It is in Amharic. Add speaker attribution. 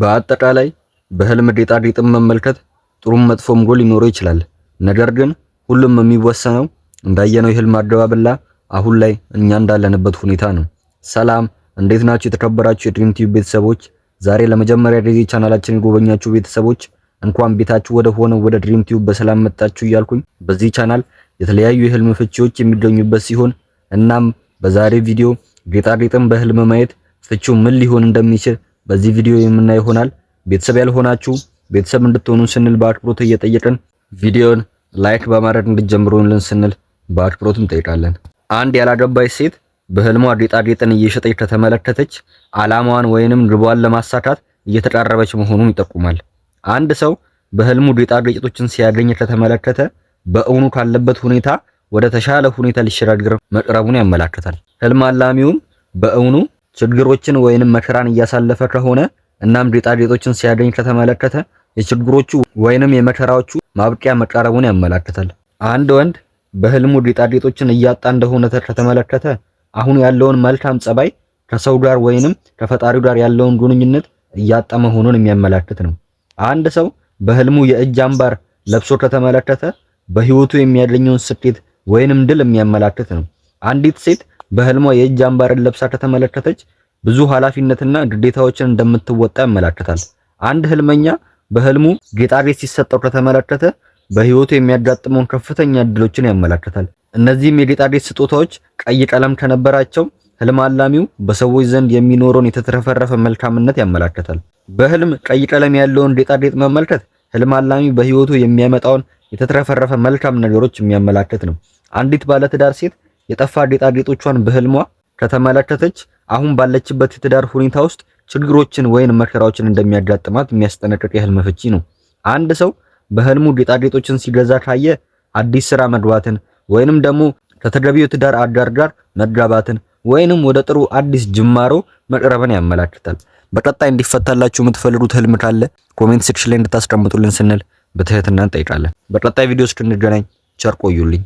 Speaker 1: በአጠቃላይ በህልም ጌጣጌጥን መመልከት ጥሩም መጥፎም ጎል ሊኖረው ይችላል። ነገር ግን ሁሉም የሚወሰነው እንዳየነው የህልም አገባብና አሁን ላይ እኛ እንዳለንበት ሁኔታ ነው። ሰላም፣ እንዴት ናችሁ? የተከበራችሁ የድሪም ቲዩብ ቤተሰቦች፣ ዛሬ ለመጀመሪያ ጊዜ ቻናላችን የጎበኛችሁ ቤተሰቦች እንኳን ቤታችሁ ወደ ሆነው ወደ ድሪም ቲዩብ በሰላም መጣችሁ እያልኩኝ በዚህ ቻናል የተለያዩ የህልም ፍቺዎች የሚገኙበት ሲሆን እናም በዛሬ ቪዲዮ ጌጣጌጥን በህልም ማየት ፍቺው ምን ሊሆን እንደሚችል በዚህ ቪዲዮ የምናይ ይሆናል። ቤተሰብ ያልሆናችሁ ቤተሰብ እንድትሆኑ ስንል በአክብሮት እየጠየቅን ቪዲዮን ላይክ በማድረግ እንድትጀምሩልን ስንል በአክብሮት እንጠይቃለን። አንድ ያላገባች ሴት በህልሟ ጌጣጌጥን እየሸጠች ከተመለከተች ዓላማዋን ወይንም ግቧን ለማሳካት እየተቃረበች መሆኑን ይጠቁማል። አንድ ሰው በህልሙ ጌጣጌጦችን ሲያገኝ ከተመለከተ በእውኑ ካለበት ሁኔታ ወደ ተሻለ ሁኔታ ሊሸጋገር መቅረቡን ያመላክታል። ህልም አላሚውም በእውኑ ችግሮችን ወይንም መከራን እያሳለፈ ከሆነ እናም ጌጣጌጦችን ሲያገኝ ከተመለከተ የችግሮቹ ወይንም የመከራዎቹ ማብቂያ መቃረቡን ያመላክታል። አንድ ወንድ በህልሙ ጌጣጌጦችን እያጣ እንደሆነ ከተመለከተ አሁን ያለውን መልካም ጸባይ ከሰው ጋር ወይንም ከፈጣሪው ጋር ያለውን ግንኙነት እያጣ መሆኑን የሚያመላክት ነው። አንድ ሰው በህልሙ የእጅ አምባር ለብሶ ከተመለከተ በህይወቱ የሚያገኘውን ስኬት ወይንም ድል የሚያመላክት ነው። አንዲት ሴት በህልሟ የእጅ አምባርን ለብሳ ከተመለከተች ብዙ ኃላፊነትና ግዴታዎችን እንደምትወጣ ያመላክታል። አንድ ህልመኛ በህልሙ ጌጣጌጥ ሲሰጠው ከተመለከተ በህይወቱ የሚያጋጥመውን ከፍተኛ እድሎችን ያመላክታል። እነዚህም የጌጣጌጥ ስጦታዎች ቀይ ቀለም ከነበራቸው ህልም አላሚው በሰዎች ዘንድ የሚኖረውን የተትረፈረፈ መልካምነት ያመላክታል። በህልም ቀይ ቀለም ያለውን ጌጣጌጥ መመልከት ህልም አላሚው በህይወቱ የሚያመጣውን የተትረፈረፈ መልካም ነገሮች የሚያመላክት ነው። አንዲት ባለትዳር ሴት የጠፋ ጌጣጌጦቿን በህልሟ ከተመለከተች አሁን ባለችበት የትዳር ሁኔታ ውስጥ ችግሮችን ወይም መከራዎችን እንደሚያጋጥማት የሚያስጠነቅቅ የህልም ፍቺ ነው። አንድ ሰው በህልሙ ጌጣጌጦችን ሲገዛ ካየ አዲስ ስራ መግባትን ወይንም ደግሞ ከተገቢው ትዳር አጋር ጋር መጋባትን ወይንም ወደ ጥሩ አዲስ ጅማሮ መቅረብን ያመላክታል። በቀጣይ እንዲፈታላችሁ የምትፈልጉት ህልም ካለ ኮሜንት ሴክሽን ላይ እንድታስቀምጡልን ስንል በትህትና እንጠይቃለን። በቀጣይ ቪዲዮ እስክንገናኝ ቸር ቆዩልኝ።